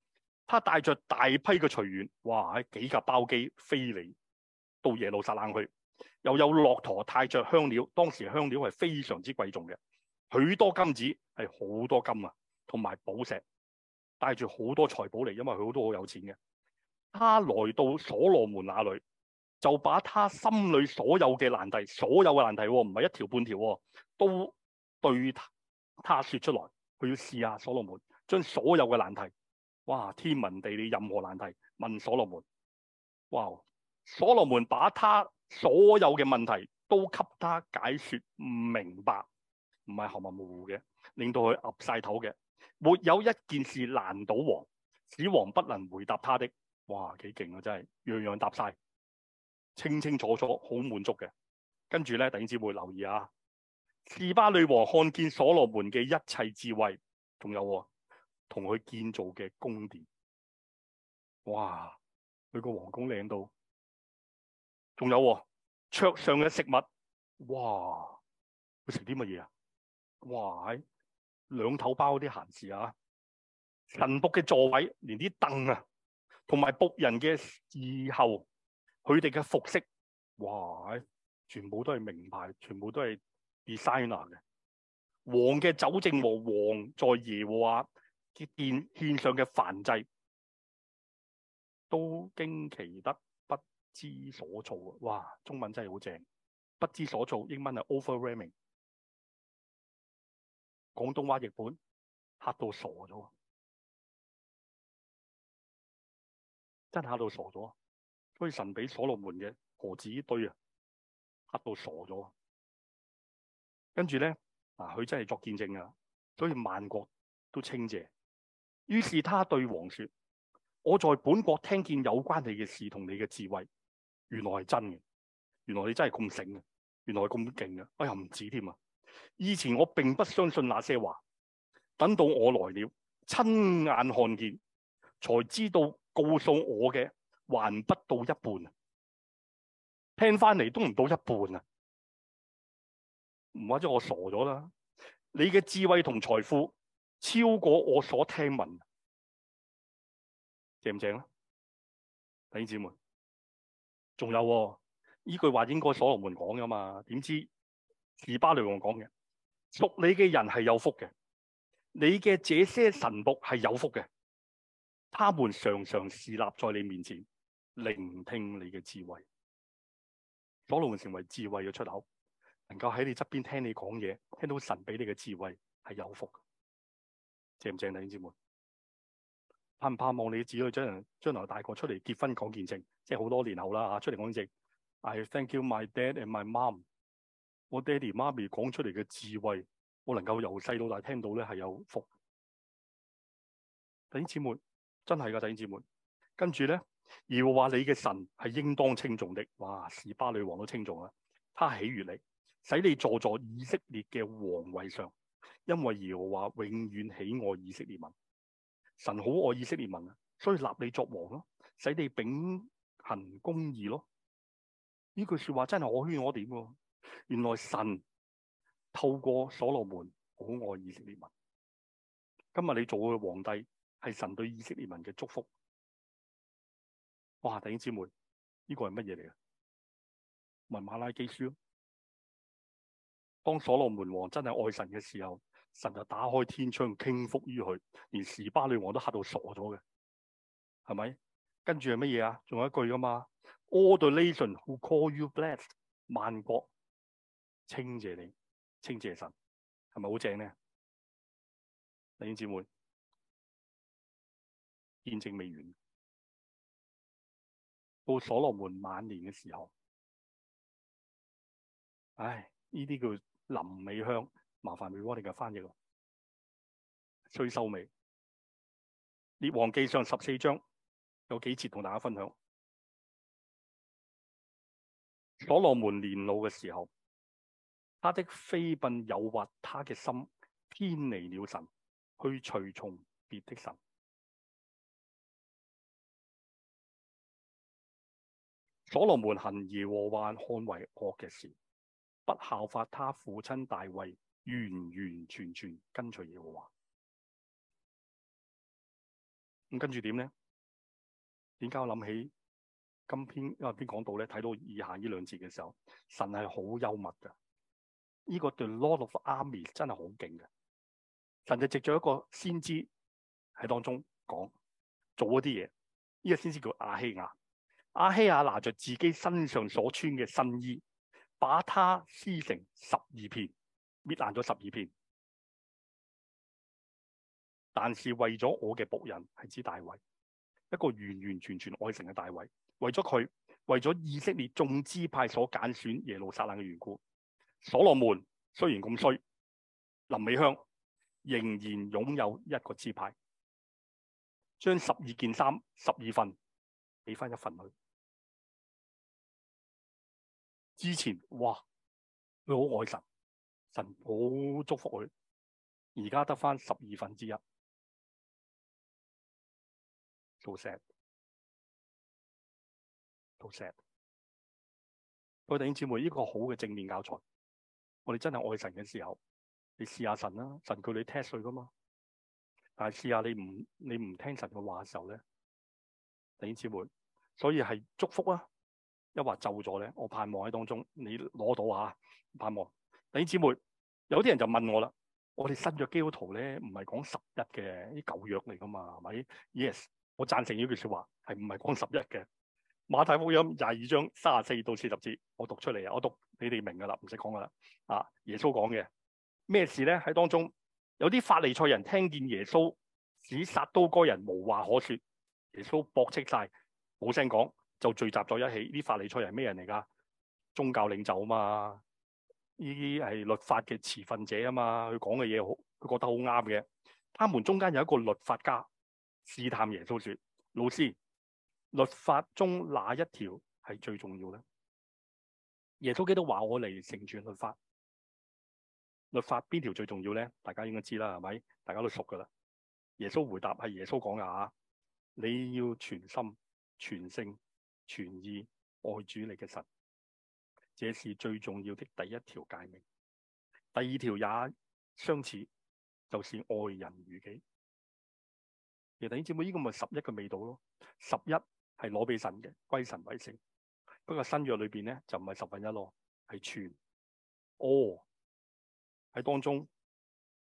他帶著大批嘅隨員，哇！喺幾架包機飛嚟到耶路撒冷去，又有駱駝帶着香料，當時香料係非常之貴重嘅，許多金子係好多金啊，同埋寶石，帶住好多財寶嚟，因為佢好多好有錢嘅。他來到所羅門那裏。就把他心裏所有嘅難題，所有嘅難題、哦，唔係一條半條、哦，都對他，他說出來。佢要試下所羅門，將所有嘅難題，哇，天文地理任何難題問所羅門。哇，所羅門把他所有嘅問題都給他解說唔明白，唔係含含糊糊嘅，令到佢岌晒頭嘅。沒有一件事難倒王，使王不能回答他的。哇，幾勁啊！真係樣樣答晒。清清楚楚，好滿足嘅。跟住咧，弟兄姊妹留意啊，示巴女王看見所羅門嘅一切智慧，仲有同、哦、佢建造嘅宮殿，哇！佢、這個王宮靚到，仲有桌、哦、上嘅食物，哇！佢食啲乜嘢啊？哇！兩頭包啲閒事啊！神僕嘅座位，連啲凳啊，同埋僕人嘅侍候。佢哋嘅服飾，哇！全部都係名牌，全部都係 designer 嘅。王嘅酒政和王在耶和華殿獻獻上嘅燔祭都驚奇得不知所措。哇，中文真係好正，不知所措。英文係 overwhelming。廣東話譯本嚇到傻咗，真嚇到傻咗。神所以神俾所羅門嘅何止呢堆啊，嚇到傻咗。跟住咧，嗱、啊、佢真係作見證啊，所以萬國都稱謝。於是他對王說，我在本國聽見有關你嘅事同你嘅智慧，原來係真嘅。原來你真係咁醒嘅，原來係咁勁嘅。哎呀唔止添啊！以前我並不相信那些話，等到我來了，親眼看見，才知道告訴我嘅。還不到一半啊！聽翻嚟都唔到一半啊！或者我傻咗啦？你嘅智慧同財富超過我所聽聞，正唔正咧？弟兄姊妹，仲有依、哦、句話應該所羅門講噶嘛？點知里是巴利王講嘅？屬你嘅人係有福嘅，你嘅這些神僕係有福嘅，他們常常侍立在你面前。聆聽你嘅智慧，攞嚟成為智慧嘅出口，能夠喺你側邊聽你講嘢，聽到神俾你嘅智慧係有福的，正唔正？弟兄姊妹，盼唔盼望你子女將將來大個出嚟結婚講見證，即係好多年後啦吓出嚟講見證。I thank you, my dad and my mom。我爹哋媽咪講出嚟嘅智慧，我能夠由細到大聽到咧係有福的。弟兄姊妹，真係噶，弟兄姊妹，跟住咧。而華你嘅神係應當稱頌的，哇！是巴女王都稱頌啊！他喜悅你，使你坐坐以色列嘅皇位上，因為耶和華永遠喜愛以色列民，神好愛以色列民啊，所以立你作王咯，使你秉行公義咯。呢句說話真係可圈可點，原來神透過所羅門好愛以色列民，今日你做嘅皇帝係神對以色列民嘅祝福。哇！弟兄姊妹，呢個係乜嘢嚟嘅？文馬拉基書咯。當所羅門王真係愛神嘅時候，神就打開天窗傾福於佢，連示巴女王都嚇到傻咗嘅，係咪？跟住係乜嘢啊？仲有一句噶嘛？All the nations who call you blessed，萬國稱謝你，稱謝神，係咪好正咧？弟兄姊妹，見證未完。到所羅門晚年嘅時候，唉，呢啲叫臨尾香，麻煩畀我哋嘅翻譯咯，催秀美列王記上十四章有幾節同大家分享。所羅門年老嘅時候，他的妃嬪誘惑他嘅心，偏離了神，去隨從別的神。所羅門行耶和華看為惡嘅事，不效法他父親大衛，完完全全跟隨耶和華。咁跟住點咧？點解我諗起今篇？因為邊講到咧？睇到以下呢兩節嘅時候，神係好幽默噶。呢、這個對 Lord of Armies 真係好勁嘅。神就藉咗一個先知喺當中講做了一啲嘢，呢、這個先知叫阿希亞。.阿希亞、啊、拿着自己身上所穿嘅新衣，把它撕成十二片，搣爛咗十二片。但是為咗我嘅僕人，係指大衛，一個完完全全愛成嘅大衛，為咗佢，為咗以色列眾支派所揀選耶路撒冷嘅緣故，所羅門雖然咁衰，林美香仍然擁有一個支派，將十二件衫，十二份。俾翻一份佢，之前哇，佢好愛神，神好祝福佢，而家得翻十二分之一，好 sad，好 sad。各位、哦、弟兄姊妹，呢、這個好嘅正面教材，我哋真係愛神嘅時候，你試下神啦，神叫你 test 佢噶嘛，但係試下你唔你唔聽神嘅話嘅時候咧，弟兄姊妹。所以係祝福啦，啊，抑或咒咗咧，我盼望喺當中你攞到吓，啊，盼望。啲姊妹有啲人就問我啦，我哋新約基督徒咧唔係講十一嘅啲舊約嚟噶嘛？係咪？Yes，我贊成呢句説話，係唔係講十一嘅？馬太福音廿二章三十四到四十節，我讀出嚟啊，我讀你哋明㗎啦，唔使講㗎啦。啊，耶穌講嘅咩事咧？喺當中有啲法利賽人聽見耶穌指殺到個人，無話可説。耶穌駁斥晒。冇聲講，就聚集咗一起。啲法利賽人係咩人嚟噶？宗教領袖啊嘛，呢啲係律法嘅持份者啊嘛。佢講嘅嘢好，佢覺得好啱嘅。他們中間有一個律法家試探耶穌說：老師，律法中哪一條係最重要咧？耶穌基督話我嚟成全律法，律法邊條最重要咧？大家應該知啦，係咪？大家都熟噶啦。耶穌回答，係耶穌講噶吓，你要全心。全性全意愛主你嘅神，這是最重要的第一條誡命。第二條也相似，就是愛人如己。其實你知唔知呢個咪十一嘅味道咯。十一係攞俾神嘅歸神為聖。不過新約裏邊咧就唔係十分一咯，係全。All 喺當中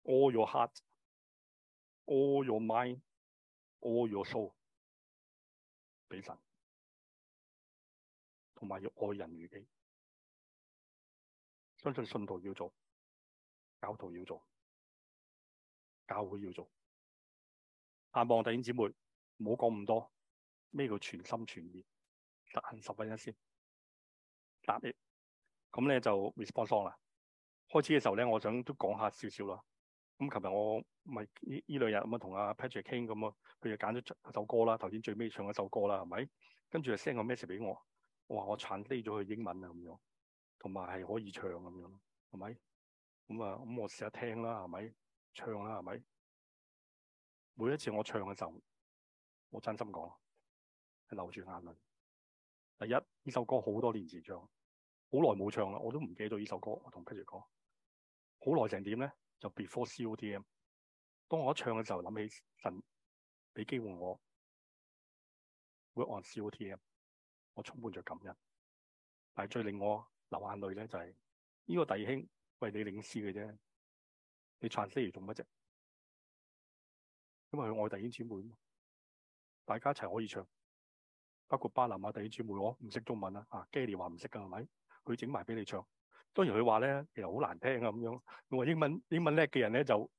，All your heart，All your mind，All your soul。俾神，同埋要愛人如己，相信信徒要做，教徒要做，教會要做。阿望弟兄姊妹，唔好講咁多。咩叫全心全意？實行十分一先答你。咁咧就 response 啦。開始嘅時候咧，我想都講下少少啦。咁琴日我咪呢呢兩日咁啊，同阿 Patrick 傾咁啊，佢、嗯、就揀咗首歌啦，頭先最尾唱一首歌啦，係咪？跟住就 send 個 message 俾我，我話我鏟低咗佢英文啊咁樣，同埋係可以唱咁樣咯，係咪？咁、嗯、啊，咁、嗯嗯、我試下聽啦，係咪？唱啦，係咪？每一次我唱嘅時候，我真心講係流住眼淚。第一，呢首歌好多年前唱，好耐冇唱啦，我都唔記得咗呢首歌。我同 Patrick 講，好耐成點咧？就 before COTM，當我一唱嘅時候，諗起神俾機會我 work on COTM，我充滿著感恩。但係最令我流眼淚咧、就是，就係呢個弟兄為你領詩嘅啫，你唱詩嚟做乜啫？因為佢愛弟兄姊妹大家一齊可以唱，包括巴拿馬弟兄姊妹，我唔識中文啊，啊 Gary 話唔識㗎係咪？佢整埋俾你唱。當然佢話咧，其實好難聽啊咁樣。英文英文叻嘅人呢就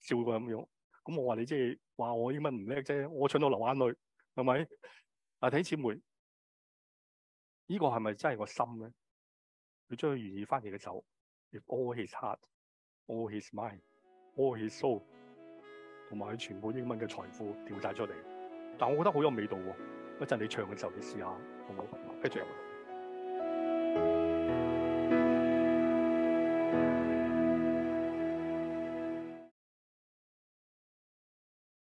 笑過咁樣。咁我話你即係話我英文唔叻啫，我唱到流眼淚，係咪？啊，弟兄姊妹，呢個係咪真係我心呢？佢將佢願意返嚟的手 with all his heart, all his mind, all his soul，同埋佢全部英文嘅財富調曬出嚟。但我覺得好有味道喎。一陣你唱嘅時候，你試下好唔好？跟住。